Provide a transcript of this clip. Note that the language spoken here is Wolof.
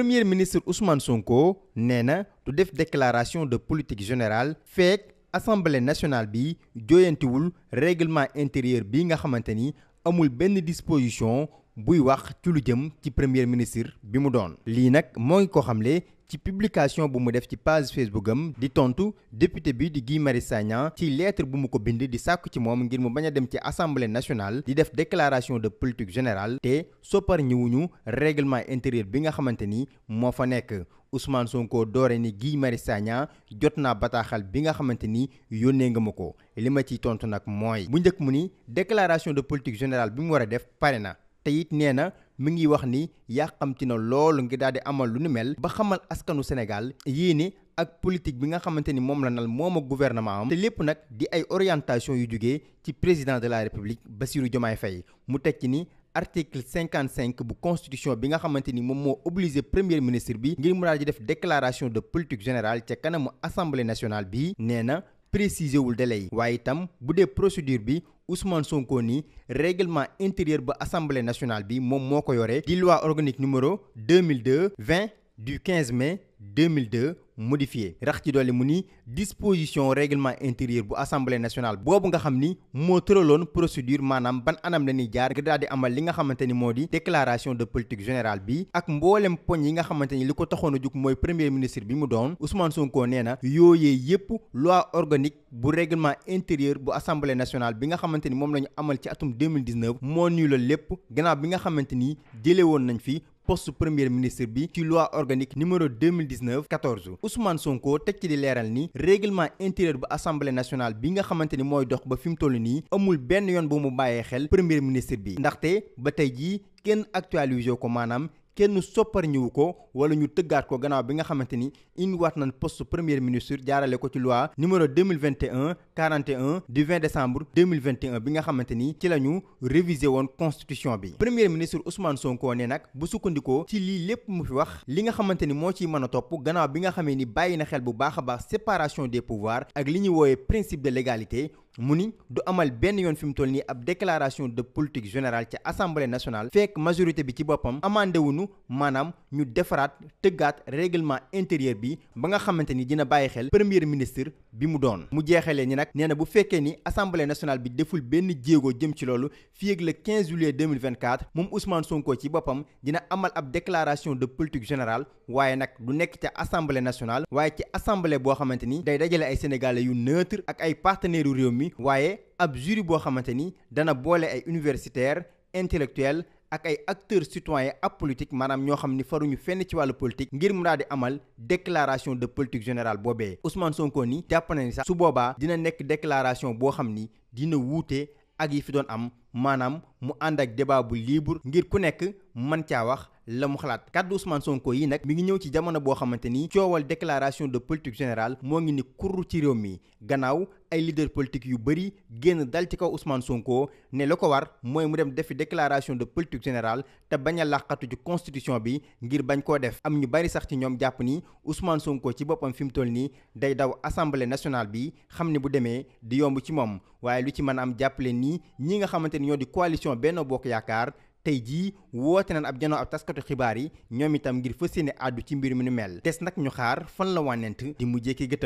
premier ministre Ousmane Sonko nee na du def déclaration de politique générale feek assemblée nationale bi jooyantiwul réglement intérieur bi nga xamante ni amul benn disposition buy wax ci lu jëm ci premier ministre bi mu doon lii nag moo ngi ko xamle ci publication bu mu def ci page Facebook am di tontu député bi di Guy Marius Sagna ci lettre bu mu ko bind di sàkk ci moom ngir mu bañ a dem ci assemblée nationale di def déclaration de politique générale te soppar ñëwuñu réglement intérieur bi nga xamante ni moo fa nekk Ousmane Sonko doore ni Guy Marius Sagna jot naa bataaxal bi nga xamante ni yónnee nga ma ko li ma ciy tontu nag mooy bu njëkk mu ni déclaration de politique générale bi mu war a def pare na te mi ngi wax ni yàqamti na loolu ngi daal di amal lu ni mel ba xamal askanu Sénégal yéene ak politique bi nga xamante ni moom la nal moom ak gouvernement am te lépp nag di ay orientation yu jógee ci président de la République Bassirou Diomaye Faye mu teg ci ni article 55 bu constitution bi nga xamante ni moom moo obligé premier ministre bi ngir mu daal di def déclaration de politique générale ca kanamu assemblée nationale bi nee na précisé wul délai yi waaye itam bu dee procédure bi Ousmane Sonko ni règlement intérieur ba assemblée nationale bi moom moo ko yore di loi organique numéro 2002 20 du 15 mai 2002 modifié rax ci dolli mu ni disposition règlement intérieur bu assemblée nationale boobu nga xam ni moo tëraloon procédure maanaam ban anam la ñuy jaar nga daal di amal li nga xamante ni moo di déclaration de politique général bi ak mboolem poñ yi nga xamante ni li ko taxoon a jug mooy premier ministre bi mu doon Ousmane Sonko nee na yooyee yépp loi organique bu règlement intérieur bu assemblée nationale bi nga xamante ni moom lañu amal ci atum 2019 moo nuyu la lépp bi nga xamante ni jëlee nañ fi poste premier ministre bi ci loi organique numéro 2019 14 Ousmane Sonko teg ci di leeral ni règlement intérieur bu assemblée nationale bi nga xamante ni mooy dox ba fi mu nii amul benn yoon bu mu bàyyee xel premier ministre bi ndaxte ba tey jii kenn actualisé ko maanaam kenn sopparñiwu ko wala ñu tëggaat ko gannaaw bi nga xamante ni indiwaat nañ poste premier ministre jaarale ko ci loi numéro 2021 41 du 20 décembre 2021 bi nga xamante ni ci la réviser révisé woon constitution bi premier ministre Ousmane Sonko ne nag bu sukkandikoo ci lii lépp mu fi wax li nga xamante ni moo ci mën a topp gannaaw bi nga xamee ni bàyyi na xel bu baax a baax séparation des pouvoirs ak li ñu woowee principe de légalité mu ni du amal benn yoon fi mu toll nii ab déclaration de politique générale ca assemblée nationale fekk majorité bi ci boppam amandé wuñu maanaam ñu defaraat tëggaat règlement intérieur bi ba nga xamante ni dina bàyyi xel premier ministre bi mu doon mu jeexalee ni nag nee bu fekkee ni assemblée nationale bi deful benn jéego jëm ci loolu fii ak le 15 juillet 2024 moom Ousmane Sonko ci boppam dina amal ab déclaration de politique général waaye nag du nekk ca assemblée nationale waaye ci assemblée boo xamante ni day dajale ay sénégalais yu neutre ak ay partenaires yu mi waaye ab jury boo xamante ni dana boole ay universitaire intellectuels ak ay acteurs citoyens politique maanaam ñoo xam ni faruñu fenn ci wàll politique ngir mu daal di amal déclaration de politique générale boobee Ousmane Sonko ni jàpp na ni sax su boobaa dina nekk déclaration boo xam ni dina wuute ak yi fi doon am maanaam mu ànd ak débat bu libre ngir ku nekk mën caa wax la mu xalaat kàddu Ousmane Sonko yi nag mi ngi ñëw ci jamono boo xamante ni coowal déclaration de politique général moo ngi ni kurru ci réew mi gannaaw ay leader politique yu bëri génn dal ci kaw Ousmane Sonko ne la ko war mooy mu dem defi déclaration de politique général te bañ a làqatu ci constitution bi ngir bañ koo def am ñu bëri sax ci ñoom jàpp ni Ousmane Sonko ci boppam fi mu toll nii day daw assemblée nationale bi xam ne bu demee di yomb ci moom ni ñoo di coalition Benno Bokk Yaakaar tey jii woote nañ ab janoo ab taskatu xibaar yi ñoom itam ngir fas yéene àddu ci mbir mi nu mel des nag ñu xaar fan la wànnent di mujjee ki gëtëm